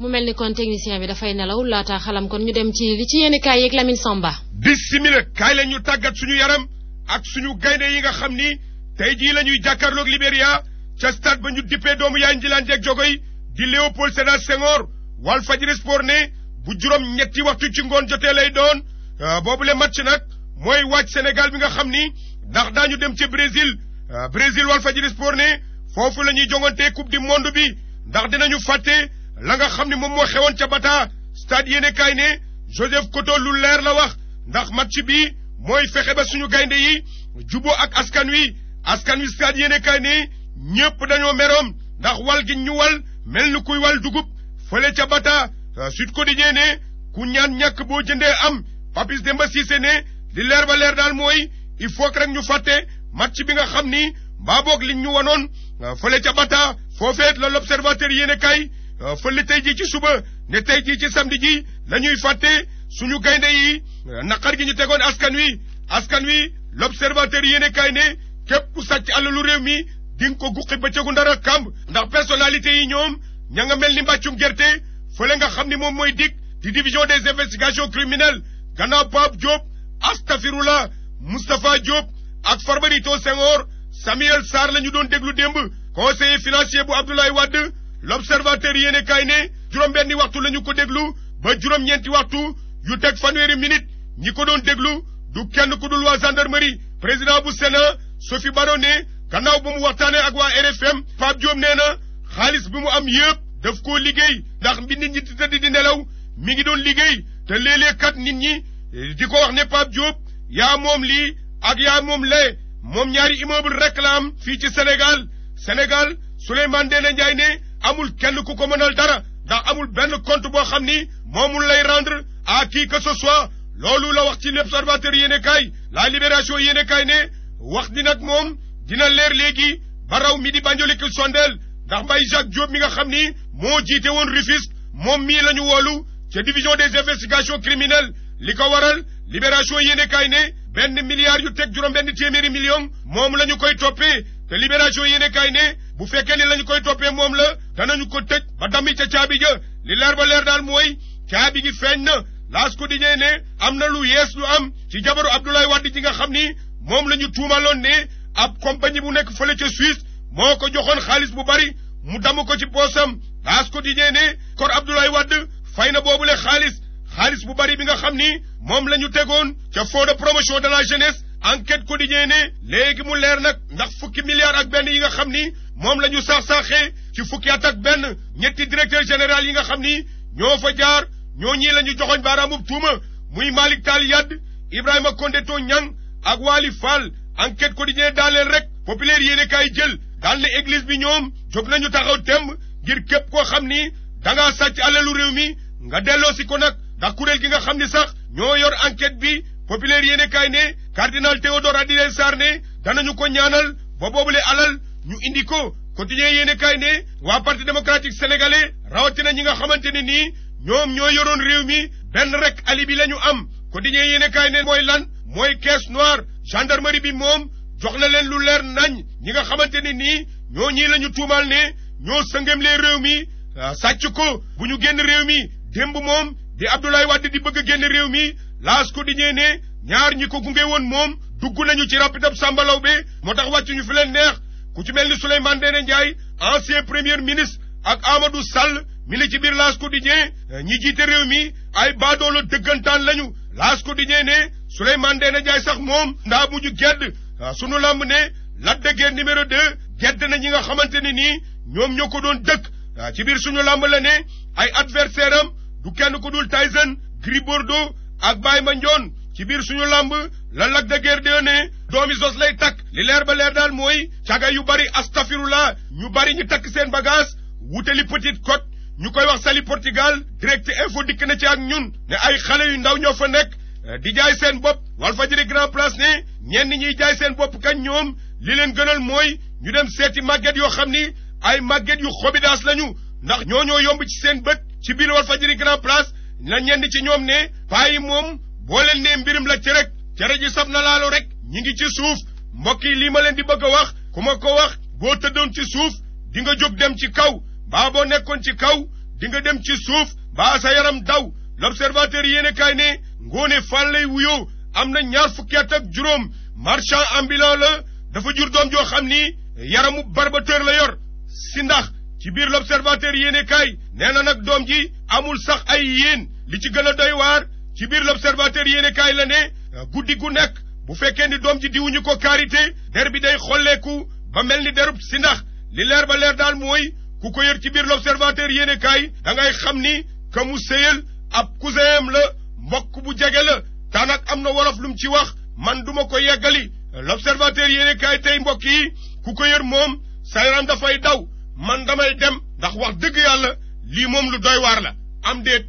mu mel ni kon technicien bi dafay nelaw laata xalam kon ñu dem ci li ci yéen kaay yeeg Lamine Samba. bisimila kaay la ñu tàggat suñu yaram ak suñu gaynde yi nga xam ni tey jii la ñuy jàkkaarloog Libéria ca stade ba ñu dippee doomu yaay Njilaan ak Jogoy di Léopold Sédar Senghor Walf Fadjri Sport ne bu juróom ñetti waxtu ci ngoon jotee lay doon euh, boobu le match nag mooy waaj Sénégal bi nga xam ni ndax daañu dem ca Brésil euh, Brésil Walf Fadjri Sport ne foofu la ñuy jongantee coupe du monde bi ndax dinañu fàtte la nga xam ni moom moo xewoon ca Bata stade yéenekaay ne Joseph Koto lu leer la wax ndax match bi mooy fexe ba suñu gaynde yi juboo ak askan wi askan wi stade yéenekaay ne ñépp dañoo meroom ndax wal gi ñu wal mel ni kuy wal dugub fële ca Bata Sud Quotidien ne ku ñaan ñàkk boo jëndee am Papis Demba Cissé ne li leer ba leer daal mooy il faut que rek ñu fàtte match bi nga xam ni mbaa li liñ ñu wanoon fële ca Bata foofeet la l'observateur yéenekaay Euh, fële tey jii ci suba ne tey jii ci samedi ji la ñuy suñu gaynde yi euh, naqar gi ñu tegoon askan wi askan wi l'observateur yéene kaay ne képp ku sàcc lu réew mi di ko guqi bëccëgu ndara kàmb ndax personnalité yi ñoom ña nga mel ni mbàccum gerte fële nga xam ni moom mooy dig di division des investigations criminelles gannaaw Pape Diop Astafirula Moustapha Diop ak Farbarito Senghor Samuel Sarr la ñu doon déglu démb conseiller financier bu Abdoulaye Wade l'observateur yéene kaay ne juróom-benni waxtu ñu ko déglu ba juróom-ñeenti waxtu yu teg fanweeri minute ñi ko doon déglu du kenn ku dul waa gendarmerie président bu Sénat Sophie Baro ne kannaaw ba mu waxtaanee ak waa fem Pape Diop nee na xaalis bi mu am yépp daf koo liggéey ndax mbi nit ñi di tëdd di nelaw mi ngi doon liggéey te léeg kat nit ñi di ko wax ne Pape Diop yaa moom lii ak yaa moom lee moom ñaari immeuble rekk la fii ci senegal Sénégal Souleymane Ndéné Ndiaye ne amul kenn ku ko mënal dara ndax amul benn compte boo xam ni moomul lay rendre à qui que loolu la wax ci l'observateur yéene kaay la libération yéene kaay ne wax ni nag moom dina leer léegi ba raw mi di Bandiolekul Sondel ndax Mbaye Jacques Diop mi nga xam ni moo jiite woon Rufisque moom mii la ñu woolu ca division des investigations criminelles li ko waral libération yéene kaay ne benn milliard yu teg juróom benn téeméeri million moom la ñu koy toppee te libération yéene kaay ne bu fekkee ni lañu koy toppee moom la danañu ko tëj ba dammi ca caabi ja li leer ba leer daal mooy caabi gi feeñ na laas ko di ñee am na lu yees lu am ci jabaru Abdoulaye Wade ji nga xam ni moom la ñu tuumaloon ne ab compagnie bu nekk fële ca Suisse moo ko joxoon xaalis bu bari mu damm ko ci poosam laas ko di ñee ne kor Abdoulaye Wade fay na boobule xaalis xaalis bu bari bi nga xam ni moom la ñu tegoon ca fonds de de la jeunesse enquête quotidien léegi mu leer nag ndax fukki milliards ak benn yi nga xam ni moom lañu ñu saax ci fukki at ak benn ñetti directeur général yi nga xam ni ñoo fa jaar ñoo ñii la ñu joxoñ baaraamub tuuma muy Malick Tall Yadd Ibrahima Condéto Niang ak Waly Fall enquête quotidien daaleel rek populaire yéene kaay jël daal ne église bi ñoom jóg nañu taxaw temb ngir képp koo xam ni danga sàcc alalu réew mi nga delloo si ko nag ndax kuréel gi nga xam ni sax ñoo yor enquête bi populaire yée kaay ne cardinal Théodore Adrien Sarr ne danañu ko ñaanal ba boobule alal ñu indi ko continuer yéene kaay ne waa parti démocratique sénégalais rawatina ñi nga xamante ne nii ñoom ñoo yoroon réew mi benn rek ali bi la ñu am continuer yéene kaay ne mooy lan mooy caisse noire gendarmerie bi moom jox leen lu leer nañ ñi nga xamante ne nii ñoo ñii la ñu tuumaal ne ñoo sëngemlee réew mi ah, sàcc ko bu ñu génn réew mi démb moom di Abdoulaye Wade di bëgg a génn réew mi laas ko di ñee ne ñaar ñi ko gunge woon moom dugg nañu ci rapitab sàmbalaw bi moo tax wàccuñu fi leen neex ku ci mel ni Souleymane Ndéné Ndiaye ancien premier ministre ak Amadou Sall mi li ci biir L'As Quotidien eh, ñi jiite réew mi ay baadoola dëggantaan lañu L'As Quotidien ne Souleymane Ndéné Ndiaye sax moom ndaa mujj gedd ah, sunu làmb ne Lac de Guiers numéro deux gedd na ñi nga xamante ne nii ñoom ñoo ko doon dëkk ah, ci biir suñu làmb la ne ay adversaire am du kenn ku dul Tyson Gris Bordeaux ak Baye Mandione ci biir suñu làmb la Lac de Guiers 2 ne doomi zos lay takk li leer ba leer daal mooy caga yu bari astafirula ñu bari ñu takk seen bagage wutali Petite Côte ñu koy wax Saly Portugal direct info dikk na ci ak ñun ne ay xale yu ndaw ñoo fa nekk eh, di jaay seen bopp Walfadjri Grand Place ne ñenn ñiy jaay seen bopp kañ ñoom li leen gënal mooy ñu dem seeti màgget yoo xam ni ay màgget yu xobidaas lañu ndax ñoo ñoo yomb ci seen bët ci biir Walfadjri Grand Place la ñenn ci ñoom ne paa yi moom boo leen nee mbirum la ci rek cere ji sab na laalu rek ñi ngi ci suuf mbokk yi lii ma leen di bëgg a wax ku ma ko wax boo tëddoon ci suuf di nga jóg dem ci kaw baa boo nekkoon ci kaw di nga dem ci suuf baa sa yaram daw l'observateur yéene kaay ne ngoone fàl lay wuyoo am na ñaar fukki at ak juróom marchand ambulant la dafa jur doom joo xam ni yaramu barbateur la yor si ndax ci biir l'observateur yéene kaay nee na nag doom ji amul sax ay yéen li ci gën a doy waar ci biir l'observateur yéene kaay la ne euh, guddi gu nekk bu fekkee ni doom ji diwuñu ko karité der bi day xolleeku ba mel ni derub si ndax li leer ba leer daal mooy ku ko yër ci biir l'observateur yéene kaay da ngay xam ni ka mu séyal ab cousin la mbokk bu jege la taanak am na wolof lu mu ci wax man duma ko yeggali l'observateur yéene kaay tey mbokk yi ku ko yër moom sa yaram dafay daw man damay dem ndax wax dëgg yàlla lii moom lu doy waar la am déet